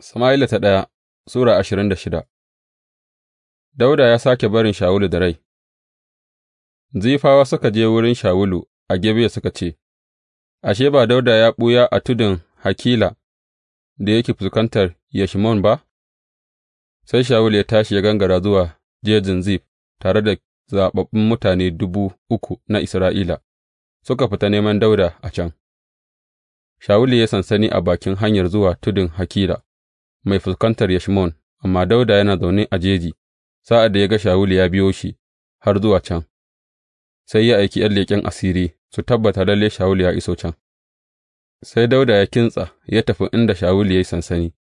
Sama'ila ta ɗaya Sura ashirin da shida Dauda ya sake barin Shawulu da rai Zifawa suka je wurin Shawulu a Gibeya suka ce, Ashe, ba Dauda ya ɓuya a tudun Hakila da yake fuskantar Yashimon ba? Sai Shawulu ya tashi ya gangara zuwa jejin Zif tare da zaɓaɓɓun mutane dubu uku na Isra'ila, suka fita neman Dauda a can. Shawulu ya sansani a bakin hanyar zuwa tudun Hakila. mai fuskantar Yeshimon, amma Dawuda yana zaune a jeji sa'ad da ya ga Shawulu ya biyo shi har zuwa can, sai ya aiki ’yan leƙen asiri su tabbata lalle Shawulu ya iso can. Sai Dawuda ya kintsa ya tafi inda Shawulu ya yi sansani,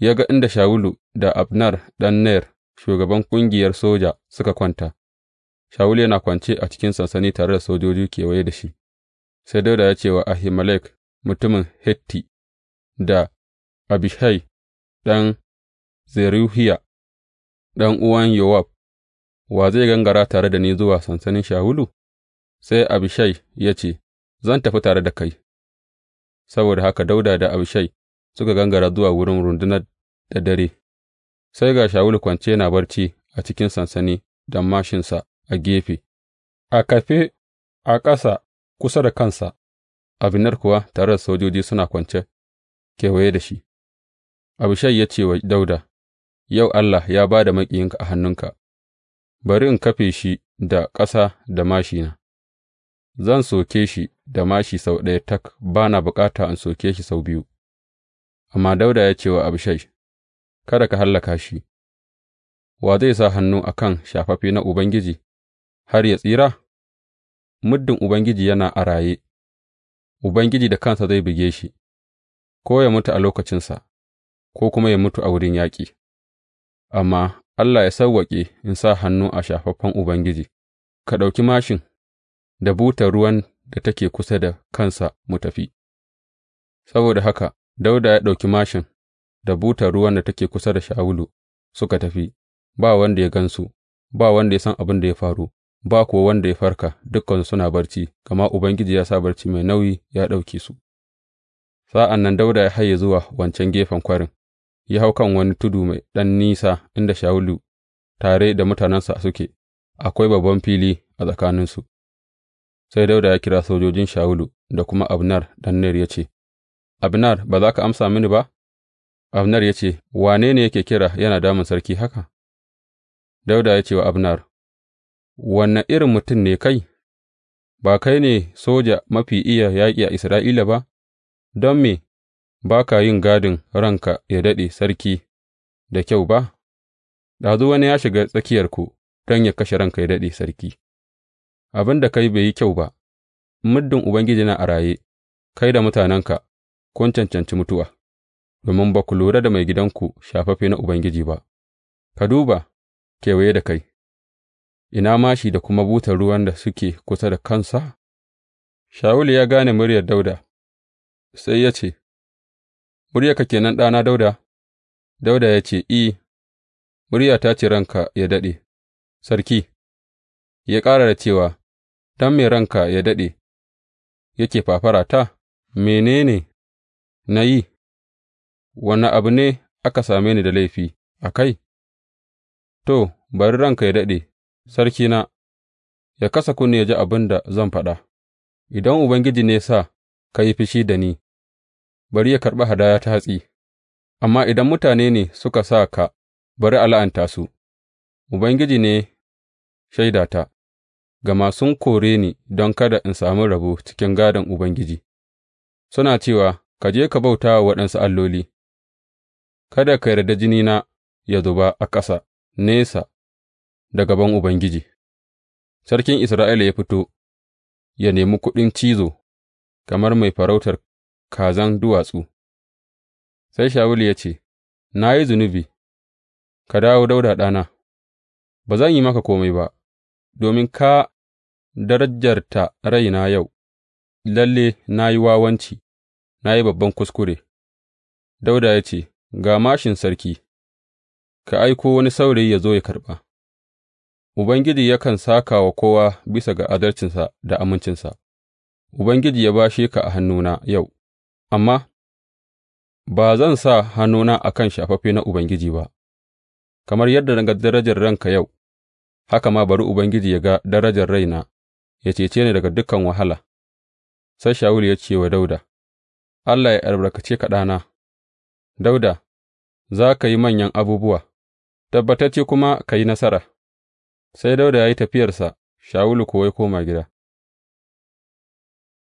ya ga inda Shawulu da Abner ɗan Ner, shugaban ƙungiyar soja, suka kwanta. Shawulu yana kwance a cikin sansani tare da sojoji kewaye da shi. Sai Dawuda ya ce wa Ahimelek mutumin Hetti da Abishai ɗan Zeruhiya, ɗan'uwan Yowab, Wa zai gangara tare da ni zuwa sansanin Shawulu? Sai Abishai ya ce, Zan tafi tare da kai, saboda haka Dauda da Abishai suka gangara zuwa wurin rundunar da dare, sai ga Shawulu kwance na barci a cikin sansani da mashinsa a gefe, a kafe a ƙasa kusa da kansa, Abinar kuwa tare da sojoji suna kwance kewaye da shi. Abishai ya ce wa Dawuda, Yau Allah ya ba da maƙiyinka a hannunka, bari in kafe shi da ƙasa da mashina. zan soke shi da mashi sau ɗaya tak, ba na bukata in soke shi sau biyu. Amma Dawuda ya ce wa Abishai, Kada ka hallaka shi, wa zai sa hannu a kan shafaffe na Ubangiji har ya tsira? Muddin Ubangiji yana a raye, Ubangiji da kansa zai buge shi, ko ya mutu a lokacinsa. ko kuma ya mutu a wurin yaƙi, amma Allah ya sawwaƙe in sa hannu a shafaffen Ubangiji, ka ɗauki mashin. da butar ruwan da take kusa da kansa mu tafi. Saboda haka, Dauda ya ɗauki mashin da butar ruwan da take kusa da Shawulu suka tafi, ba wanda ya gansu ba wanda ya san abin da ya faru, ba kuwa wanda ya farka, dukkansu suna barci, gama Ubangiji ya sa barci mai nauyi ya ɗauke su. Sa'an nan Dauda ya haye zuwa wancan gefen kwarin. ya hau kan wani tudu mai ɗan nisa inda Shawulu tare da mutanensa suke, akwai babban fili a tsakaninsu. Sai Dauda ya kira sojojin Shawulu da kuma Abner ɗan Ner ya ce, Abner, ba za ka amsa mini ba? Abner ya ce, Wane ne yake kira yana damun sarki haka? Dauda ya ce wa Abner, Wane irin mutum ne kai, ba kai ne soja mafi iya yaƙi a Isra'ila ba, don me ba ka yin gadin ranka yă daɗe sarki da kyau ba, ɗazu wani ya shiga tsakiyarku don yă kashe ranka yă daɗe sarki, abin da yi bai yi kyau ba, muddin Ubangiji na a raye, kai da mutanenka kun cancanci mutuwa, domin ba ku lura da mai gidanku shafaffe na Ubangiji ba, ka duba kewaye da kai, ina mashi da kuma butar ruwan da suke kusa da kansa? Shawulu ya gane muryar Dauda, sai ya ce, Muryarka ke nan ɗana Dawuda? Dawuda ya ce, I, muryata ce ranka ya daɗe, sarki, ya ƙara da cewa, Don me ranka ya daɗe, yake fafarata, mene ne na yi, wane abu ne aka same ni da laifi a kai? To, bari ranka ya daɗe, sarkina, ya kasa kunne ya ji abin da zan faɗa, idan Ubangiji ne sa ka yi fushi da ni. bari ya karɓi hadaya ta hatsi, amma idan mutane ne suka sa ka, bari a la'anta su, Ubangiji ne shaidata, gama sun kore ni don kada in sami rabo cikin gadon Ubangiji, suna cewa, Ka je ka bauta wa waɗansu alloli, kada ka yarda jinina ya zuba a ƙasa nesa da gaban Ubangiji. Sarkin Isra'ila ya fito ya nemi kuɗin cizo kamar mai farautar kazan duwatsu. Sai Shawulu ya ce, Na yi zunubi, ka dawo Dauda ɗana, ba zan yi maka komai ba, domin ka darajarta raina yau, lalle na yi wawanci, na yi babban kuskure. Dauda ya ce, Ga mashin sarki, ka aiko wani saurayi ya zo ya karɓa. Ubangiji yakan saka wa kowa bisa ga adalcinsa da amincinsa, Ubangiji ya bashe ka a hannuna yau. amma ba zan sa hannuna a kan shafaffe na Ubangiji ba, kamar yadda na ga darajar ranka yau, haka ma bari Ubangiji ya ga darajar raina, ya cece ni daga dukan wahala. Sai Shawulu ya ce wa Dauda, Allah ya albarkace ka ɗana, Dauda, za ka yi manyan abubuwa, tabbatacce kuma ka yi nasara. Sai Dauda ya yi tafiyarsa, Shawulu kuwa ya koma gida.